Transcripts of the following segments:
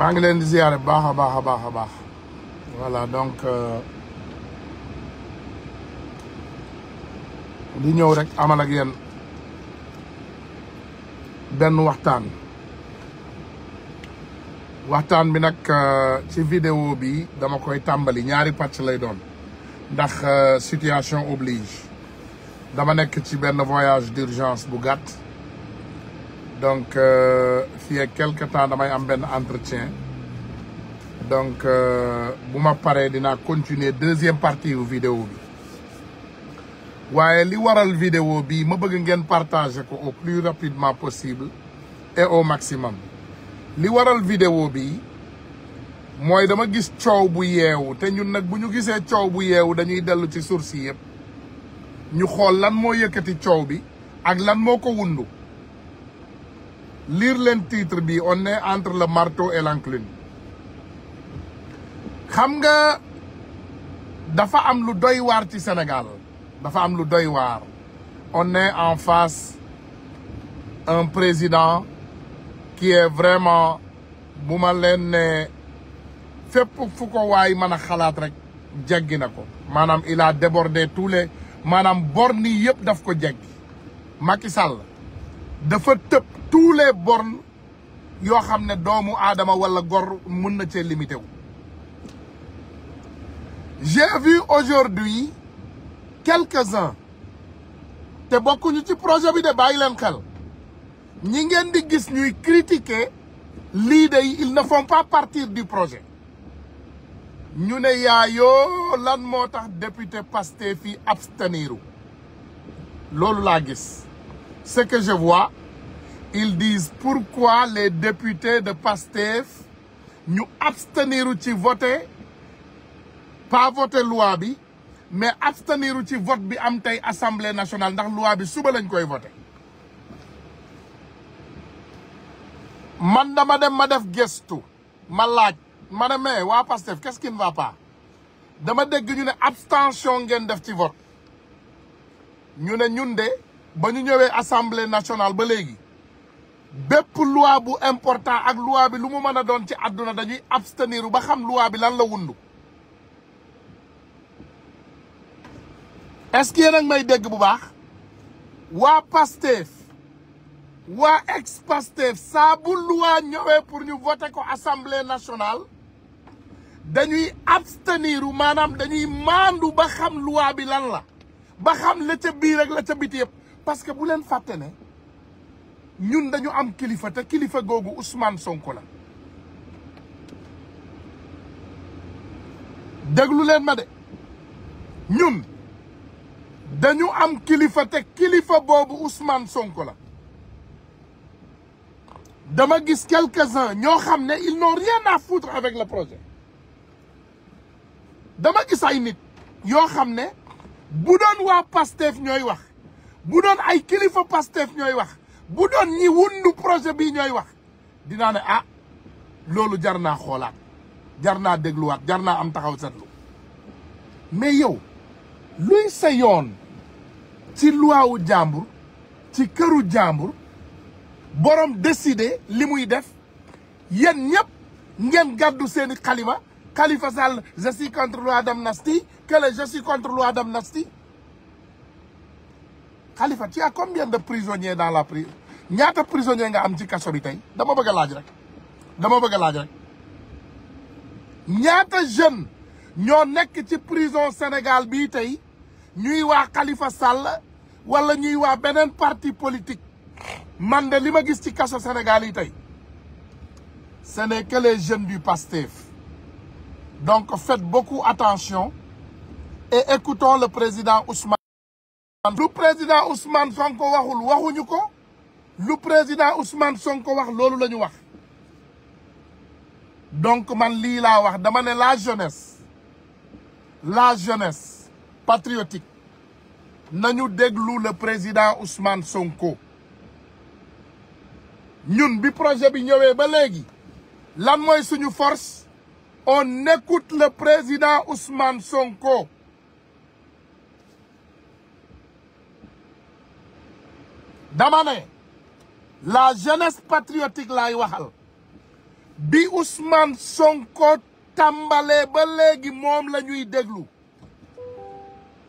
maa ngi leen di ziare baax a baax a baax a baax voilà donc euh, di ñëw rek amal ak yéen benn waxtaan waxtaan bi nag euh, ci vidéo bi dama koy tàmbali ñaari pàcc lay doon ndax euh, situation oblige dama nekk ci benn voyage d'urgence bu gàtt donc fii euh, ak quelque temps damay am benn entretien donc euh, bu ma paree dina continuer deuxième partie yu vidéo bi waaye li waral vidéo bi ma bëgg ngeen partager ko au plus rapidement possible et au maximum li waral vidéo bi mooy dama gis coow bu yeewu te ñun nag bu ñu gisee coow bu yeewu dañuy dellu ci source yi yëpp ñu xool lan moo yëkkati coow bi ak lan moo ko wundu liir leen titre bi on est entre le marteau et l'enclume xam nga dafa am lu doy waar ci senegal dafa am lu doy waar on est en face un président qui est vraiment bu ma leen ne fépp fu ko waay mën a xalaat rek jeggi na ko maanaam il a débordé tous les maanaam bornes yi yëpp daf ko jegg Macky dafa tëb tous les bornes yoo xam ne doomu aadama wala gor mën na cee limité wu j'ai vu aujourd'hui quelques-uns te bokkuñu ci projet bi de bàyyi leen xel ñi ngeen di gis ñuy critiquer lii de ils ne font partir du projet ñu ne yaayoo lan moo tax député Pastef fi abstenir loolu laa gis ce que je vois ils disent pourquoi les députés de PASTEF ñu absteniru ci voter pas voter loi bi mais absteniru ci vote bi am tey assemblée nationale ndax loi bi suba lañ koy voter man dama dem ma def gëstu ma laaj ma ne mais waa PASTEF qu'est-ce qui va pas dama dégg ñu ne abstention ngeen def ci vote ñu ne ñun de ba ñu ñëwee assemblée nationale ba léegi bépp loi bu important ak loi bi lu mu mën a doon ci àdduna dañuy abstenir ba xam loi bi lan la wundu est-ce may dégg bu baax waa Pastef waa ex Pastef saabu bu loi ñëwee pour ñu voter ko assemblée nationale dañuy abstenir maanaam dañuy maandu ba xam loi bi lan la ba xam la ca biir ak la ca biti yëpp parce que bu leen fàtte ne ñun dañu am kilifa te kilifa googu Ousmane Sonko la déglu leen ma de dañu am kilifa te kilifa boobu Ousmane Sonko la dama gis quelques-uns ñoo xam ne ils n'ont rien à foutre avec le projet dama gis ay nit yoo xam ne bu doon waa Pastef ñooy wax bu doon ay kilifa Pastef ñooy wax bu doon ñi wundu projet bi ñooy wax dinaa ne ah loolu jar naa xoolaat jar naa dégluwaat jar naa am taxaw seetlu mais yow luy sa yoon ci luwaawu jàmbur ci këru jàmbur borom décider li muy def yéen ñëpp ngeen gàddu seeni xalima kalifa Sall je suis contre loi nasti que le je suis contre loi d'amnistie Khalifa tu as combien de prisonniers dans la prison ñaata prisonnier nga am ci kaso bi tey dama bëgg laaj rek dama bëgg a laaj rek ñaata jeune ñoo nekk ci prison Sénégal bii tey ñuy waa Khalifa Sall wala ñuy waa beneen parti politique man de li ma gis ci kaso Sénégal yi tey ce n'est que les jeunes donc faites beaucoup attention et écoutons le président Ousmane lu président Ousmane Sonko waxul waxuñu ko lu président Ousmane Sonko wax loolu la ñu wax donc man lii laa wax dama ne la jeunesse la jeunesse patriotique nañu déglu le président Ousmane Sonko ñun bi projet bi ñëwee ba léegi lan mooy suñu force on écoute le président Ousmane Sonko dama ne la jeunesse patriotique lay waxal bi Ousmane Sonko tàmbalee ba léegi moom la ñuy déglu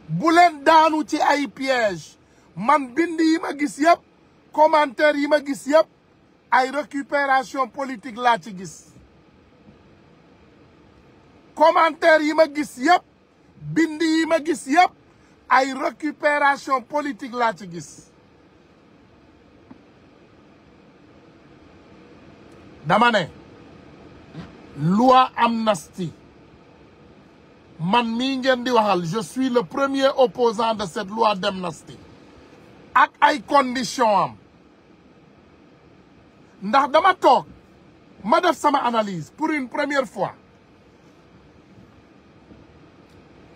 bu leen daanu ci ay piège man bind yi ma gis yëpp commentaire yi ma gis yëpp ay récupération politique laa ci gis commentaire yi ma gis yëpp bind ma gis yëpp ay récupération politique laa ci gis dama ne loi amnistie man mii ngeen di waxal je suis le premier opposant de cette loi d'amnistie ak ay conditions am ndax dama toog ma def sama analyse pour une première fois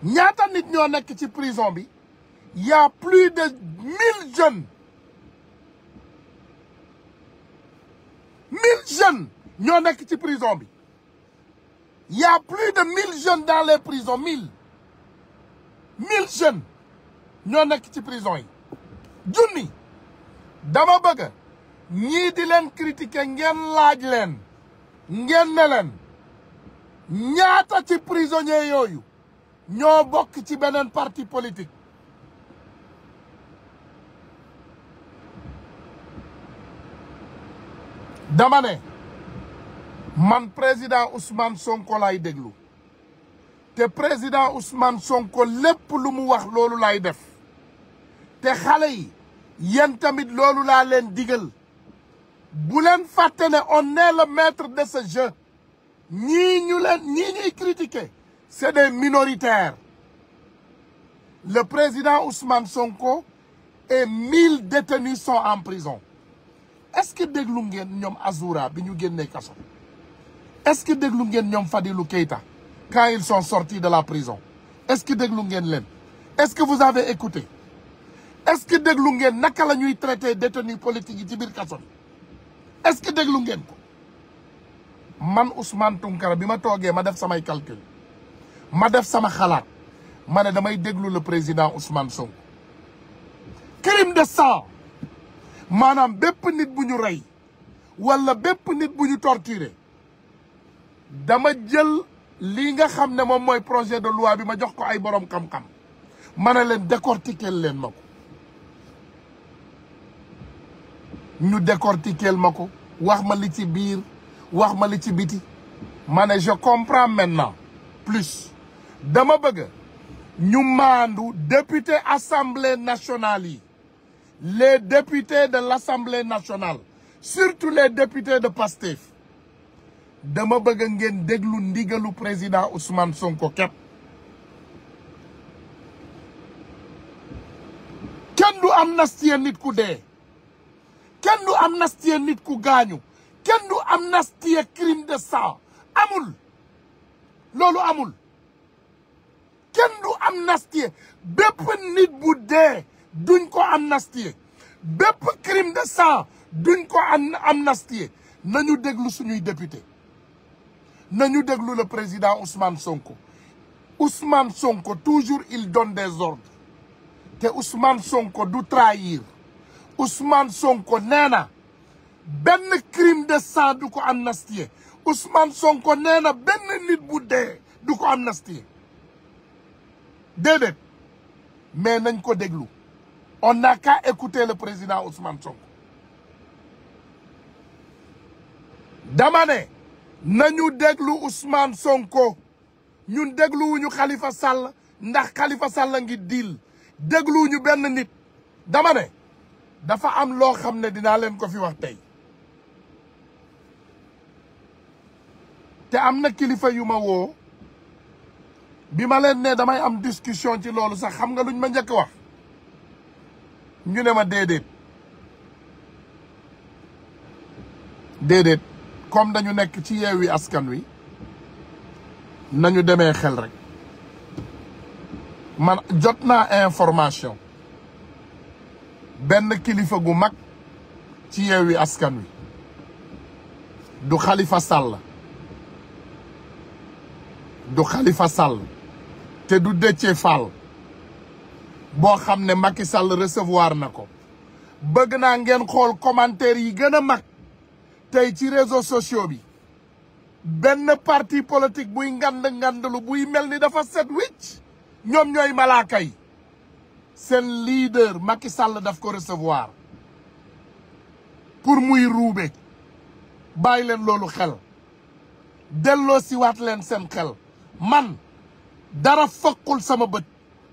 ñaata nit ñoo nekk ci prison bi y plus de mille jeunes mille jeunes ñoo nekk ci prison bi y a plus de mille jeunes dans les prisons mille mille ñoo nekk ci prison yi junni dama bëgg ñii di ngeen laaj leen ngeen ne ñaata ci prisonniers yooyu ñoo bokk ci beneen parti politique dama man président Ousmane Sonko laay déglu te président Ousmane Sonko lépp lu mu wax loolu lay def te xale yi yéen tamit loolu laa leen digal bu leen fàtte ne on est le maître de ce jeu ñii ñu leen ñii ñuy critiquer c'est des minoritaires le président Ousmane Sonko et mille détenus sont en prison est-ce que déglu ngeen ñoom Azoura bi ñu génnee kaso est-ce que déglu ngeen ñoom Fadilou Keita quand ils sont sortis de la prison est-ce que déglu ngeen leen est-ce que vous avez écouté est-ce que déglu ngeen naka la ñuy traité détenus politiques yi ci biir kaso bi est-ce que déglu ngeen ko man Ousmane Tounkara bi ma toogee ma def samay calcul ma def sama xalaat ma ne damay déglu le président Ousmane Sonko crime de sang maanaam bépp nit bu ñu rey walla bépp nit bu ñu torturé dama jël lii nga xam ne moom mooy projet de loi bi ma jox ko ay borom xam-xam ma ne leen décortiquer leen ma ko ñu décortiquer ma ko wax ma li ci biir wax ma li ci biti ma ne je comprends maintenant plus dama bëgg ñu maandu député assemblée nationale yi les députés de l'Assemblée nationale surtout les députés de PASTEF dama bëgg ngeen déglu ndigalu président Ousmane Sonko képp kenn du amnistie nit ku dee kenn du amnistie nit ku gaañu kenn du amnistie crime de sang amul loolu amul kenn du amnistie bépp nit bu dee duñ ko amnistier bépp crime de sang duñ ko am amnistier nañu déglu suñuy député nañu déglu le président Ousmane Sonko Ousmane Sonko toujours il donne des ordres te Ousmane Sonko du trahir Ousmane Sonko nee na benn crime de sang du ko amnistier Ousmane Sonko nee na benn nit bu dee du ko amnistier déedéet mais nañ ko déglu On n'a qu'à écouter le président Ousmane Sonko dama ne nañu déglu Ousmane Sonko ñun dégluwuñu Khalifa Sall ndax Khalifa Sall ngi diil dégluwuñu benn nit dama ne dafa am loo xam ne dinaa leen ko fi wax tey te am na kilifa yu ma woo bi ma leen ne damay am discussion ci loolu sax xam nga luñ ma njëkk wax ñu ne ma déedéet déedéet comme dañu nekk ci Yewwi Askan Wi nañu demee xel rek man jot naa information benn kilifa gu mag ci Yewwi Askan Wi du Khalifa Sall du Khalifa Sall te du Déthié Fall boo xam ne Macky Sall recevoir na ko bëgg naa ngeen xool commentaire yi gën a mag tey ci réseaux sociaux bi benn parti politique buy ngand ngandlu buy mel ni dafa set wicc ñoom ñooy malaaka yi seen leader Macky Sall daf ko recevoir pour muy ruube bàyyi leen loolu xel delloo siwaat leen seen xel man dara fokkul sama bët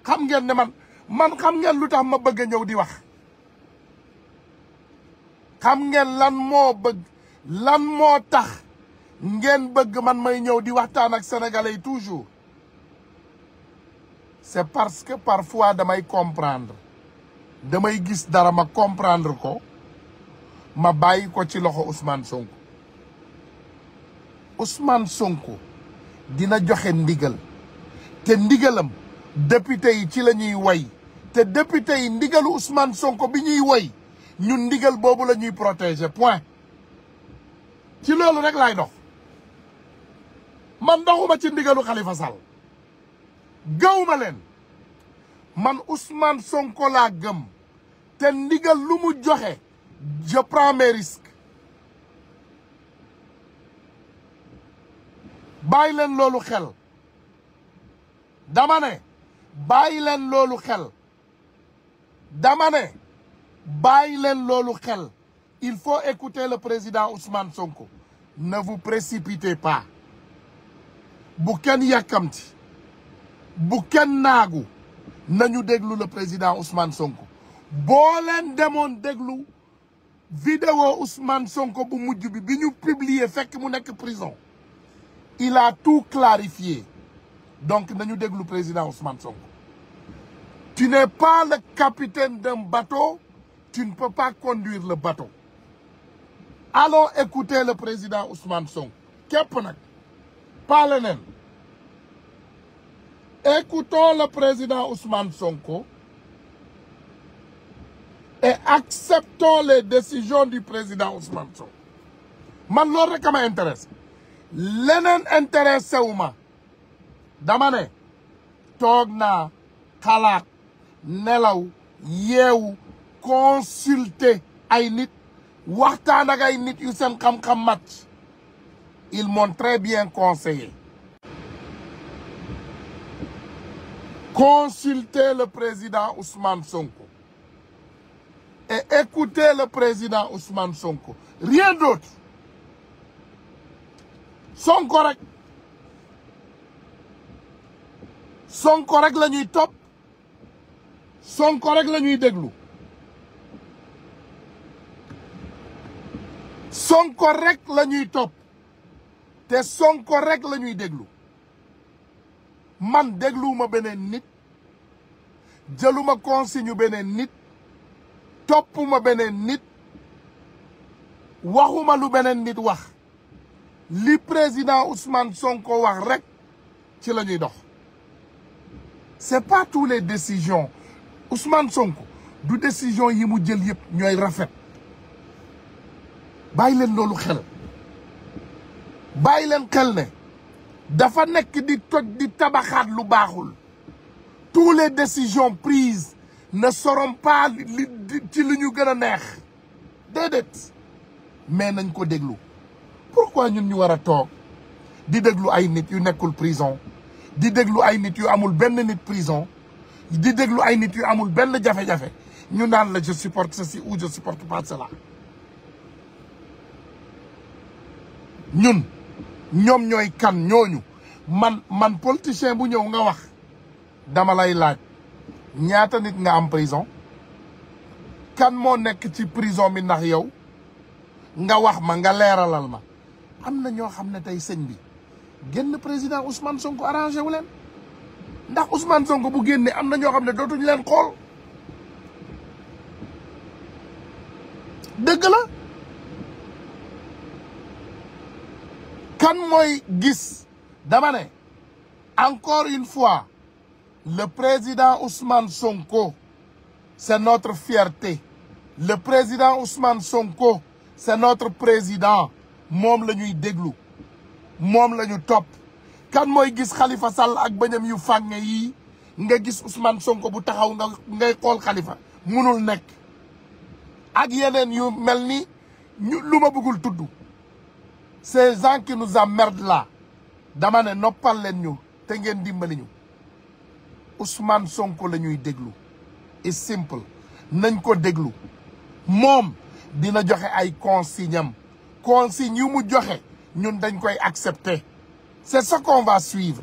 xam ngeen ne man man xam ngeen lu tax ma bëgg a di wax xam ngeen lan moo bëgg lan moo tax ngeen bëgg man may ñëw di waxtaan ak sénégalais yi toujours c'est parce que parfois damay comprendre damay gis dara ma comprendre ko ma bàyyi ko ci loxo Ousmane Sonko Ousmane Sonko dina joxe ndigal te ndigalam député yi ci la ñuy way te député yi ndigalu Ousmane Sonko bi ñuy woy ñun ndigal boobu la ñuy protéger point ci loolu rek lay dox man doxuma ci ndigalu Khalifa Sall gawma leen man Ousmane Sonko laa gëm te ndigal lu mu joxe je prends mes risques leen loolu xel dama ne bàyyi leen loolu xel dama ne bàyyi leen loolu xel il faut écouter le président Ousmane Sonko ne vous précipitez pas bu kenn yàkkamti bu kenn naagu nañu déglu le président Ousmane Sonko boo leen demoon déglu vidéo Ousmane Sonko bu mujj bi bi ñu publier fekk mu nekk prison il a tout clarifié donc nañu déglu président Ousmane Sonko tu n'es pas le capitaine d'un bateau tu ne peux pas conduire le bateau allons écouter le président Ousmane Sonko képp nag pas leneen écoutons le président Ousmane Sonko et acceptons les décisions du président Ousmane Sonko man loolu rek a ma intéresse leneen intéressé ma damane ne toog naa xalaat nelaw yeewu consulter ay nit waxtaan ak ay nit yu seen xam-xam mat ils m'ont très bien conseillé consultez le président Ousmane Sonko et écoutez le président Ousmane Sonko rien d'autre Sonko rek sonko rek la ñuy topp sonko rek la ñuy déglu sonko rek la ñuy topp te sonko rek la ñuy déglu man dégluwuma beneen nit jëluma consigne beneen nit toppuma beneen nit waxuma lu beneen nit wax li président Ousmane Sonko wax rekk ci la ñuy dox c'est pas tous les décisions Ousmane sonk du décision yi mu jël yëpp ñooy rafet bàyyi leen loolu xel bàyyi leen xel ne dafa nekk di toj di tabaxaat lu baaxul tous les décisions prises ne seront pas li ci li ñu gën a neex déedéet mais nañ ko déglu pourquoi ñun ñu war a toog di déglu ay nit yu nekkul prison di déglu ay nit yu amul benn nit prison di déglu ay nit yu amul benn jafe-jafe ñu naan la je supporte ceci ou je supporte pas cela ñun ñoom ñooy kan ñooñu man man politicien bu ñëw nga wax dama lay laaj ñaata nit nga am prison kan moo nekk ci prison bi ndax yow nga wax ma nga leeralal ma am na ñoo xam ne tey sëñ bi génn président Ousmane Sonko arrangé wu leen ndax Ousmane Sonko bu génnee am na ñoo xam ne dootuñu leen xool dëgg la kan mooy gis dama encore une fois le président Ousmane Sonko c'est notre fierté le président Ousmane Sonko c'est notre président moom la ñuy déglu moom lañu ñu topp kan mooy gis Khalifa Sall ak bëñam yu fànge yii nga gis Ousmane Sonko bu taxaw nga ngay xool xalifa mënul nekk ak yeneen yu mel ni ñu lu ma bëggul tudd ces gens qui nous emmerdent là dama ne noppal leen ñu te ngeen dimbali ñu Ousmane Sonko lañuy ñuy déglu it's simple nañ ko déglu moom dina joxe ay consigne am consigne yu mu joxe ñun dañ koy accepte c'est ce qu'on va suivre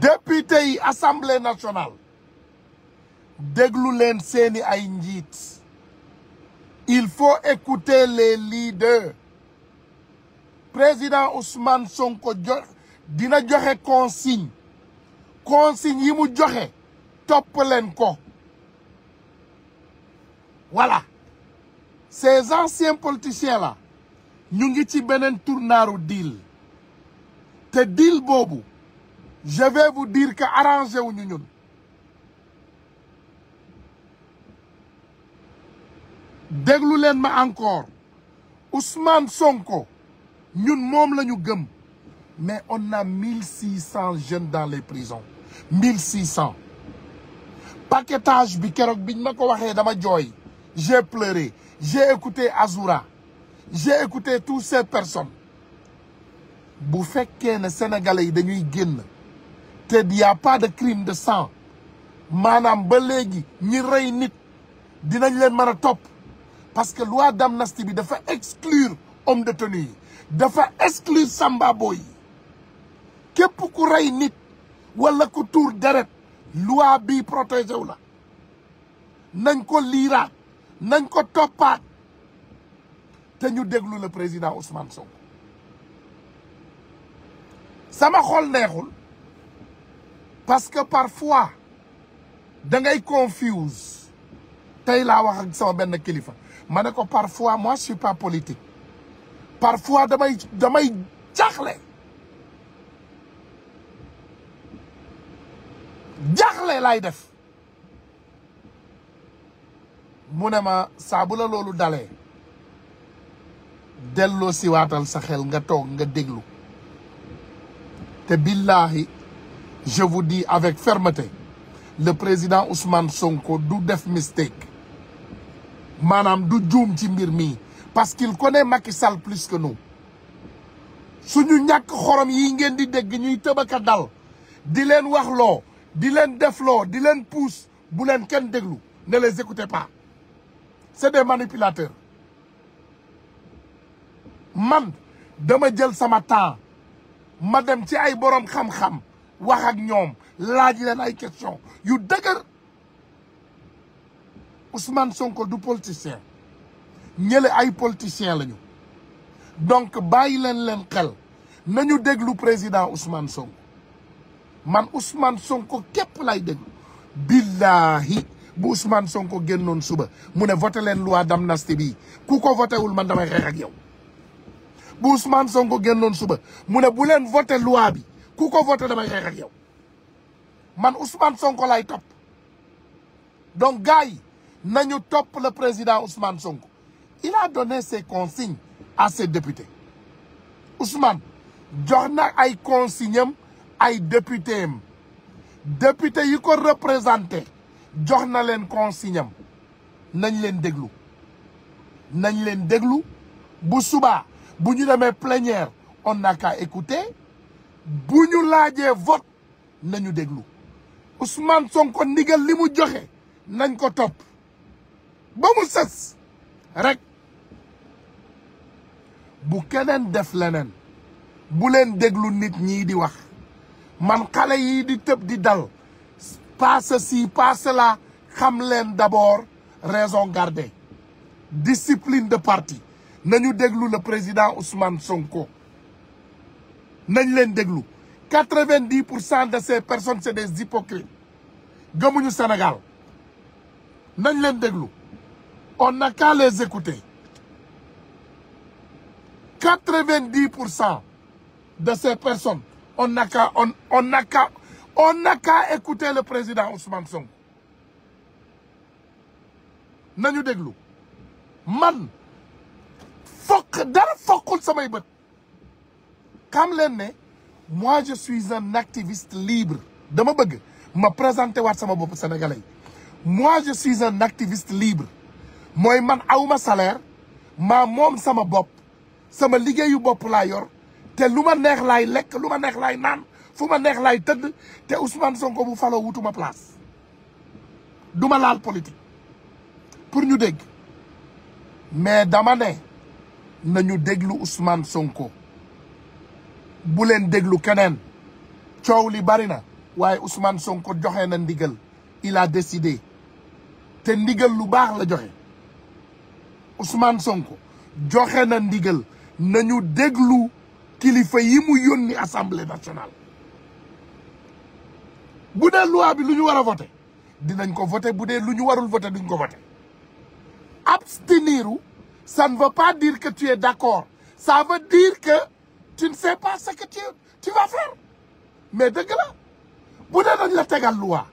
député yi assemblée nationale déglu leen seeni ay njiit il faut écouter les leaders président Ousmane Sonko jox dina joxe consigne consigne yi mu joxe topp leen ko voilà ces anciens politiciens là ñu ngi ci beneen tournaaru deal te deal boobu je vais vous dire que arrangé wuñu ñun déglu ma encore Ousmane Sonko ñun moom la ñu gëm mais on a mille six cent jeunes dans les prisons mille six cent paquetage bi keroog biñ ma ko waxee dama jooy j'ai pleuré j'ai écouté Azoura j'ai écouté toutes ces personnes bu fekkee ne sénégalais yi dañuy génn te y pas de crime de sang maanaam ba léegi ñi rey nit dinañ leen mën a topp parce que loi d'amnistie bi dafa exclure homme de tenue yi dafa exclure samba yi képp ku rey nit wala ku tuur deret loi bi protégé wu la nañ ko liiraat nañ ko toppaat te ñu déglu la président Ousmane Sonko sama xol neexul parce que parfois da ngay confuse tey laa wax ak sama benn kilifa ma ne ko parfois moi je suis pas politique parfois damay damay jaaxle jaaxle lay def mu ne ma saa la loolu dalee delloo siwaatal sa xel nga toog nga déglu te billahi je vous dis avec fermeté le président Ousmane Sonko du def mistake maanaam du juum ci mbir mi parce qu'il connaît Macky Sall plus que nous suñu ñàkk xorom yi ngeen di dégg ñuy tëbaka dal di leen waxloo di leen defloo di leen pousse bu leen kenn déglu ne les écoutez pas c'est des manipulateurs man dama jël sama temps ma dem ci ay borom xam-xam wax ak ñoom laaj leen ay question yu dëgër Ousmane Sonko du politicien ñële ay politicien lañu donc bàyyi leen leen xel nañu déglu président Ousmane Sonko man Ousmane Sonko képp lay déglu billahi bu Ousmane Sonko génnoon suba mu ne voté leen loi d'amnistie bi ku ko voté man damay xeex ak yow bu Ousmane Sonko génnoon suba mu ne bu leen voté loi bi ku ko voté dama xeex ak yow man Ousmane Sonko lay topp donc gars yi nañu topp le président Ousmane Sonko il a donné ses consignes à ses députés Ousmane jox na ay consignes ay député am député yi ko représenté jox na leen consigne nañ leen déglu nañ leen déglu bu suba bu ñu demee plénière on n'a qu'à écouter bu ñu laajee vote nañu déglu Ousmane Sonko ndigal li mu joxe nañ ko topp ba mu sës rek bu keneen def leneen bu leen déglu nit ñi di wax man xale yi di tëb di dal pas ceci pas cela xam leen d'abord raison garder discipline de parti nañu déglu le président Ousmane Sonko nañ leen déglu quatre vingt di pour cent de ces personnes c'est des hypocrites gëmuñu Sénégal nañ leen déglu on n'a qu'à les écouter quatre vingt di pour cent de ces personnes on n'a qu'à on on n'a qu'à on n'a qu'à écouter le président Ousmane Sonko nañu déglu man fokk dara fokkul samay bët xam leen ne moi je suis un activiste libre dama bëgg ma présenté waat sama bopp sénégalais yi moi je suis un libre mooy man awma salaire maa moom sama bopp sama liggéeyu bopp laa yor te lu ma neex laay lekk lu ma neex laay naan fu ma neex laay tëdd te Ousmane Sonko bu falo wutuma place duma laal politique pour ñu dégg mais dama ne nañu déglu Ousmane Sonko bu leen déglu keneen coow li bari na waaye Ousmane Sonko joxe na ndigal il a décidé te ndigal lu baax la joxe Ousmane Sonko joxe na ndigal nañu déglu kilifa yi mu yónni assemblée nationale bu dee loi bi lu ñu war a voté dinañ ko voté bu dee lu ñu warul voté duñ ko voté absteniru ça ne veut pas dire que tu es d'accord ça veut dire que tu ne sais pas que tu tu vas faire mais dëgg la bu dee dañ la tegal loi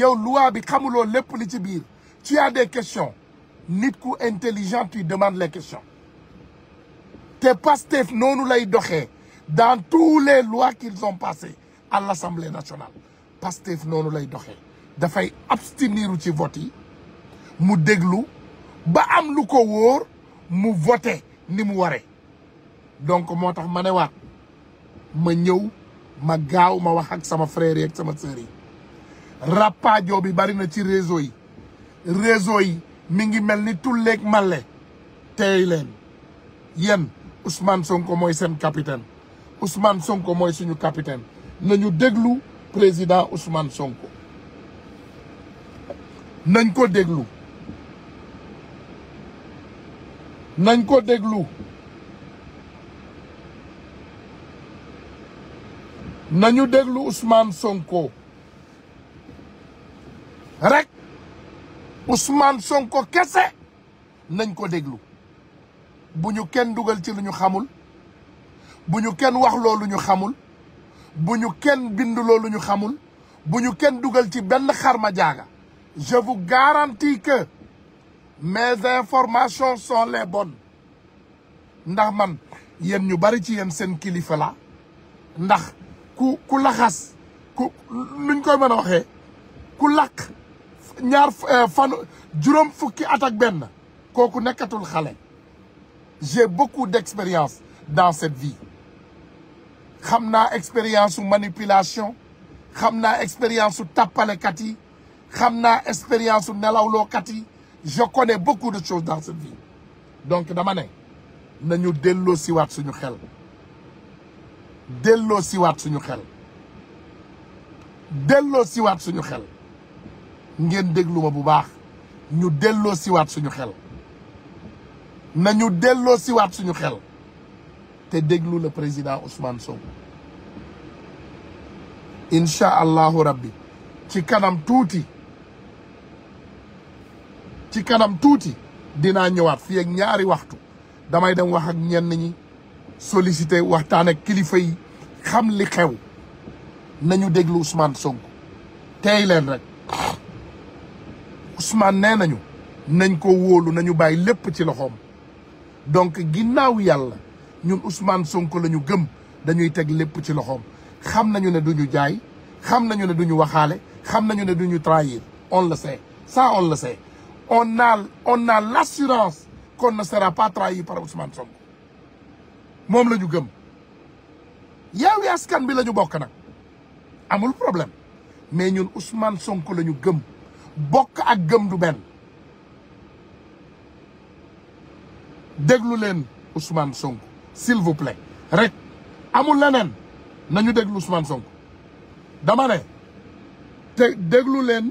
yow loi bi xamuloo lépp li ci biir tu as des questions nit ku intelligent tu demandes les questions te Pastef noonu lay doxee dans tous les lois qu'ils ont passées à l'Assemblée nationale Pastef noonu lay doxee dafay abstenir ci vote yi mu déglu ba am lu ko wóor mu voté ni mu waree donc moo tax ma ne waat ma ñëw ma gaaw ma wax ak sama frère yi ak sama sœur yi rappaajo bi bari na ci réseau yi réseau yi mi ngi mel ni tulleeg male tey leen yen Ousmane Sonko mooy seen capitaine Ousmane Sonko mooy suñu capitaine nañu déglu président Ousmane Sonko nañ ko déglu nañ ko déglu nañu déglu Ousmane Sonko rek Ousmane Sonko kese nañ ko déglu bu ñu kenn dugal ci lu ñu xamul bu ñu kenn wax loolu ñu xamul bu ñu kenn bind loolu ñu xamul bu ñu kenn dugal ci benn xarma jaaga je vous que mes informations son les bon ndax man yéen ñu bari ci yéen seen kilifa la ndax ku ku laxas ku luñ koy mën a waxee ku lakk ñaar eh, fan juróom fukki at ak benn kooku nekkatul xale j'ai beaucoup d'expérience dans cette vie xam naa expérience su manipulation xam naa expérience su tappalekat yi xam naa expérience su nelawlookat yi je connais beaucoup de choses dans cette vie donc dama ne nañu delloo siwaat suñu xel delloo siwaat suñu xel delloo siwaat suñu xel ngeen déglu ma bu baax ñu delloo siwaat suñu xel nañu delloo siwaat suñu xel te déglu la président Ousmane Sonko incha allahu rabbi ci kanam tuuti ci kanam tuuti dinaa ñëwaat fii ak ñaari waxtu damay dem wax ak ñenn ñi sollicité waxtaan ak kilifa yi xam li xew nañu déglu Ousmane sonk tey leen rek Ousmane nee nañu nañ ko wóolu nañu bàyyi lépp ci loxoom donc ginnaaw yàlla ñun Ousmane Sonko la ñu gëm dañuy teg lépp ci loxoom xam nañu ne duñu jaay xam nañu ne duñu waxaale xam nañu ne duñu trahir on le sait ça on le sait on a on a l'assurance qu'on ne sera pas trahi par Ousmane moom la ñu gëm Yewwi Askan bi la ñu bokk nag amul problème mais ñun Ousmane Sonko la ñu gëm bokk ak gëm du benn déglu leen Ousmane Sonko s'il vous rek amul leneen nañu déglu Ousmane Sonko dama ne te déglu leen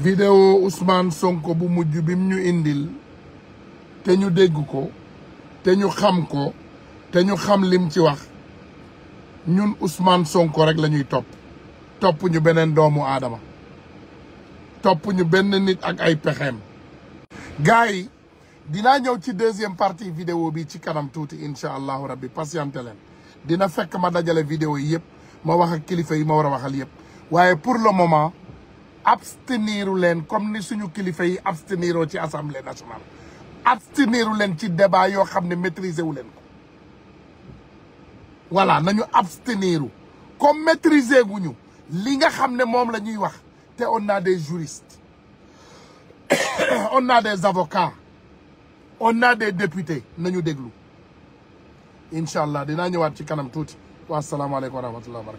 vidéo Ousmane Sonko bu mujj bim ñu indil te ñu dégg ko te ñu xam ko te ñu xam lim ci wax ñun Ousmane Sonko rek la ñuy topp topp ñu beneen doomu aadama topp ñu benn nit ak ay pexeem gars yi dinaa ñëw ci deuxième partie video bi ci kanam tuuti incha allahu rabbi patiente leen dina fekk ma dajale vidéo yi yëpp ma wax ak kilifa yi ma war a waxal yëpp waaye pour le moment absteniru leen comme ni suñu kilifa yi absteniroo ci assemblée nationale absteniru leen ci débat yoo xam ne maîtriser wu leen ko voilà nañu absteniru comme maîtriser guñu li nga xam ne moom la ñuy wax te on a des juristes on a des avocats on a des députés nañu déglu incha allah dinaa ñëwaat ci kanam tuuti wa salaamaaleykum wa rahmatullah